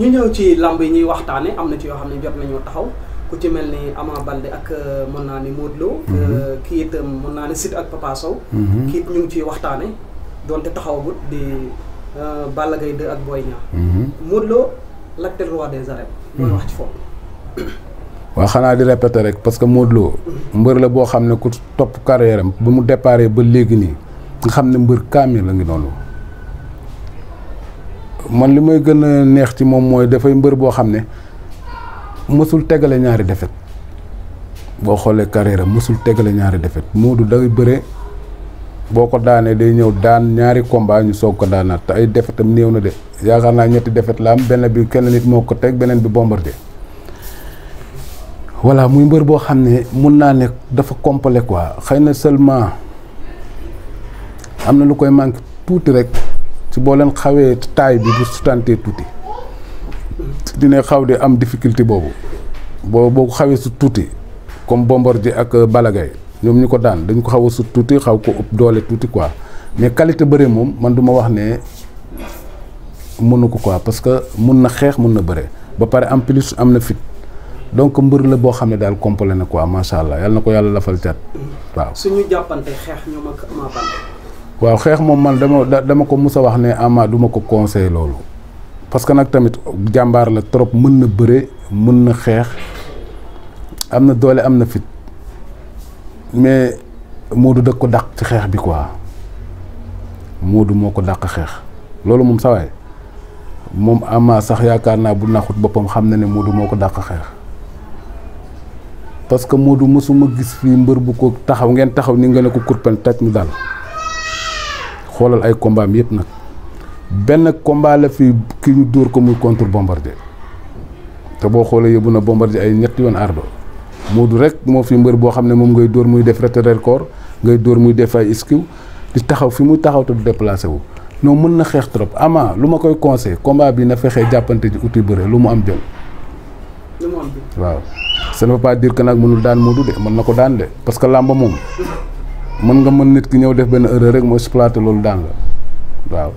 ñu ñëw ci lamb yi ñuy waxtaane am na ci yoo xam ne jot nañoo taxaw ku ci mel ni Ama Balde ak euh, mën naa ni Modou mm-hmm. euh, kii itam euh, mën naa ni Siteu ak Papa Sow mm-hmm. kii it ñu ngi ciy waxtaane doonte taxawagut di Balla Gaye 2 ak Boy Niang mm-hmm. Modou Lo roi des arènes mooy wax ci foofu waa xanaa di répéter rek parce que moodloo mbër la boo xam ne ku topp carrière am ba mu déparé ba léegi nii nga xam ne mbër kaamil la ngi noonu man li may gën a neex ci moom mooy dafay mbër boo xam ne mësul tegale ñaari defet boo xoolee carrière mësul tegale ñaari defet Modou day bëre boo ko daanee day ñëw daan ñaari combat ñu soog ko daanaat te ay defetam néew na de yaakaar naa ñetti defet la am benn bi kenn nit moo ko teg beneen bi bombardé voilà muy mbër boo xam ne mun naa ne dafa complet quoi xëy na seulement am na lu koy manqué tuuti rek ci boo leen xawee taay bi bu sutantee tuuti dina xaw di am difficulté boobu boo boo xawee su tuuti comme ji ak euh, Balla ñoom ñu ko daan dañ ko xaw a sut tuuti xaw ko ëpp doole tuuti quoi mais qualité bëre moom man du ma wax ne mënu ko quoi parce que mun na xeex mun na bëre ba pare en plus am na fit donc mbër la boo xam ne daal complet na quoi macha allah yal na ko yàlla lafal cat waaw. waaw xeex moom man dama dama ko mus a wax ne Ama duma ko conseillé loolu parce que nag tamit jàmbaar la trop mën na bëre mën na xeex am na doole am na fit mais Modou da ko dàq ci xeex bi quoi Modou moo ko dàq xeex loolu moom sawaay moom Ama sax yaakaar naa bu naxut boppam xam na ne Modou moo ko dàq xeex parce que Modou mësuma gis fii mbër bu ko taxaw ngeen taxaw ni nga ne ko kurpen taj mu daal xoolal ay combat mi yëpp nag benn combat la fi ki ñu dóor ko muy contre bombardier te boo xoolee yóbbu na bombardier ay ñetti yoon ardo Modou rek moo fi mbër boo xam ne moom ngay dóor muy def retraite corps ngay dóor muy def ay esquive di taxaw fi muy taxaw te du déplacé wu non mën na xeex trop ama lu ma koy conseil combat bi na fexee jàppante ji uti bëre lu mu am jël waaw ça ne veut nag mënul daan Modou de mën na ko daan de parce que làmba moo mën nga mën nit ki ñëw def benn erreur rek moo exploité loolu daan la waaw.